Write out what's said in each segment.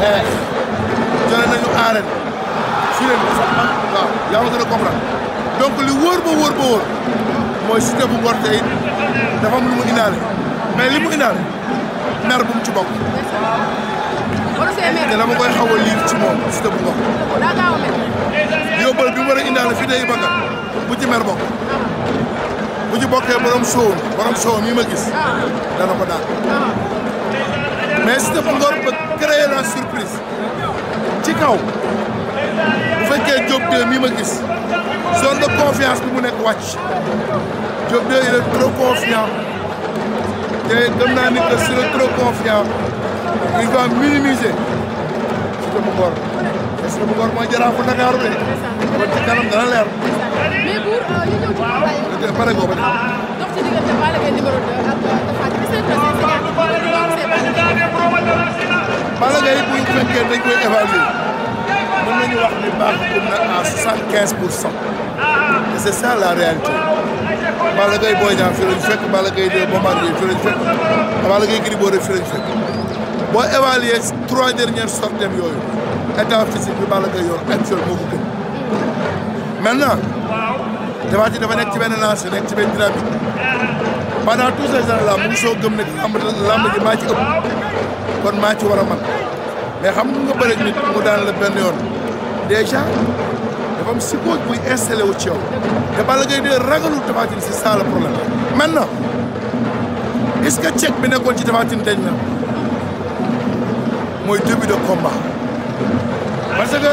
xeex jëlee nañu aaren su leen ko sax waaw yaa ma gën a comprendre donc li wóor ba wóor ba wóor mooy Siteu bu Ngor tey dafa lu mu indaale mais li mu indaale mer bu mu bokk. te dama koy liir ci moom Siteu bu Ngor. yóbbal bi mu war a indaale fii day bakka bu ci mer bokk. bu ci bokkee borom soowu borom soowu mi ma gis dana ko daal. Mais este é peut créer la surprise. ci kaw bu fekkee Diop 2 mi ma gis zone de confiance bi mu nekk wàcc Diop 2 il est trop confiant te gëm naa ni que s'il est trop confiant il va minimiser Siteu bu Ngor te Siteu bu Ngor mooy jaraafu Ndakaaru de kon ci kanam dana leer. mais buur ñu ñëw ci combat Balla Gaye bu ñu fekkee dañ koy évaluer mën nañu wax ni baaxul na à soixante quinze pour cent et c' est ça la réalité Balla Gaye Boy Niang fi lañ fekk Balla Gaye de Bombardier fi lañ fekk Balla Gaye Gris Bordeaux fi lañ fekk boo évaluer trois dernières sorties yooyu état physique bi Balla Gaye yor actuel moo ko gën maintenant dafa ci dafa nekk ci benn lancé nekk ci benn dynamique pendant tous ces années là mu soo gëm ne lamb lamb ji maa ëpp kon maa ci war a man mais xam nga bëri nit mu daan la benn yoon déjà dafa am psychose buy installé wu ci yow te Balla Gaye de ragalul Tapha Tine c'est ça problème maintenant est-ce que bi nekkoon ci Tapha Tine dañ na mooy début de combat parce que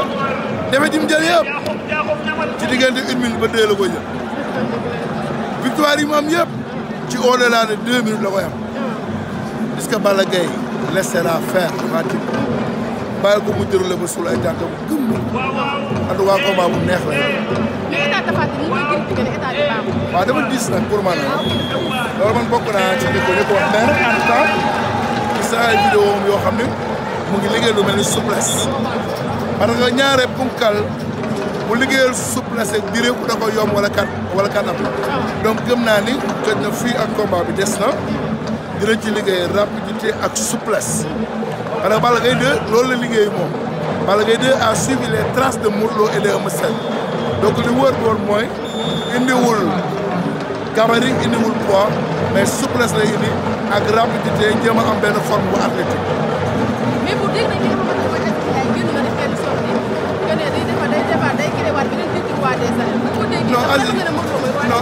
defe ji mu jël yëpp ci diggante une minute ba deux la ko victoire yi mu am yëpp ci au-delà de deux minutes la koy am est-ce que laissera faire pratique bàyyi ko mu ne ba suul ay tànkam gëm en tout pas. combat tu neex la eh, waaw dafa diis nag pour man Je ah. ah, man bokk naa ci dëkk pour la wax mais en tout cas de naa ay vidéo yoo xam ne mu ngi liggéey lu mel ni souplesse parce que ñaare la bu liggéeyal souplesse ak wala kat wala kanam donc gëm naa ni xëy na fii ak combat bi des na dina ci liggéey rapidité ak souplesse xanaa Balla Gaye 2 loolu la liggéey moom Balla Gaye 2 a suivi les de Modou Lo et de Eumeu li wër woon mooy indiwul gabarit indiwul poids mais souplesse lay indi ak rapidité jéem a am benn forme bu athlétique. mais bu dégg nañu ne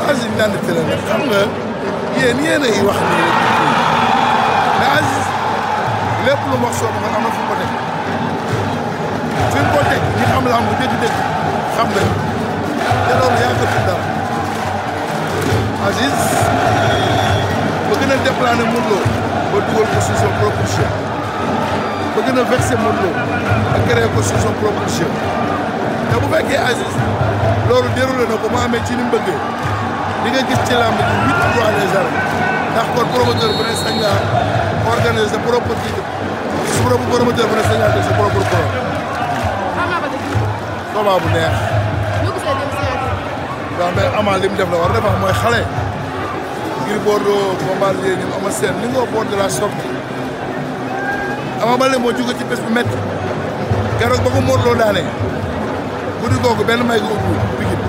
عايز ان انا تلقى يعني انا هي واحد عايز lépp lu wax soo ma am na fu mu ko teg fi mu ko teg ñi xam laa mu dégg-dégg xam nañ te loolu yàgg ci dara Aziz ba gën a déplané Modou Lo ba dugal ko sur son propre chien ba gën a vexé Modou Lo ba créé ko sur son propre chien te bu fekkee Aziz loolu déroulé na ko mu amee ci ni mu bëggee li nga gis ci làmb ji huit fois les arènes ndax kon promoteur bu ne sañ naa organiser sa propre kii su promoteur bu ne sañ naa def sa propre combat bu neex. waaw mais Ama li mu def la war dafa mooy xale. ngir Bordeaux Bombardier ni mu ama seen li nga wax bord de la sortie Ama Baldé moo jóge ci bés bu métti keroog ba ko Modou Lô daanee guddi googu benn may ko ubbi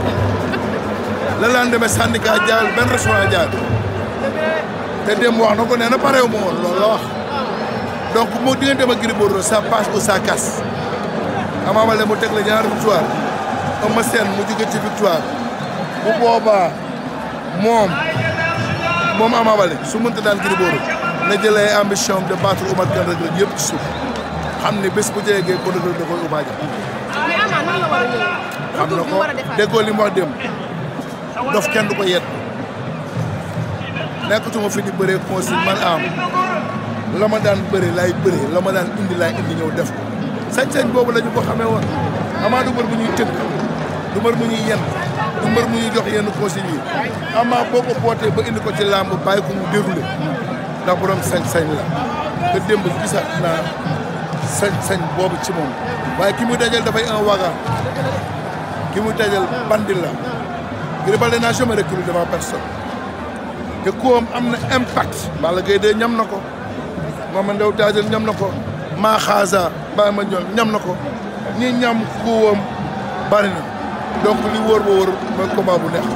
le lendemain syndicat jaayul benn restaurant jaayul te dem wax na ko nee na pareewu ma woon loolu la wax donc moo diggante ma Gris sa ça passe sa ça casse Ama Baldé mu teg la ñaari victoire Eumeu Sène mu jóge ci victoire bu boobaa moom moom Ama Baldé su mënta daan Gris Bordeaux na jëlee ambition de battre Oumar Kane Reug Reug yëpp ci suuf xam ne bés bu jegee ko a Reug da koy ubaaja xam na ko déggoo li mu wax démb dof kenn du ko yedd nekkatuma fi di bëree consigne man am la ma daan bëri lay bëri la ma daan indi laay indi ñëw def ko sañ-sañ boobu la ñu ko xamee woon amaa du mbër bu ñuy tënk du mbër mu ñuy yenn du mbër mu ñuy jox yenn consigne yi amaa boo ko bootee ba indi ko ci làmb bàyyi ko mu déroulé ndax borom sañ-sañ la te démb gisaat naa sañ-sañ boobu ci moom waaye ki muy dajal dafay un waga ki muy dajal bandi la Gris Balde n'a jamais reculé devant personne te koom am na impact Balla Gaye de ñam na ko Mama Ndew Tyson ñam na ko maa xaasa Baye ma ñoom ñam na ko ñi ñam koowam bari na donc li wóor ba wóor mooy combat bu neex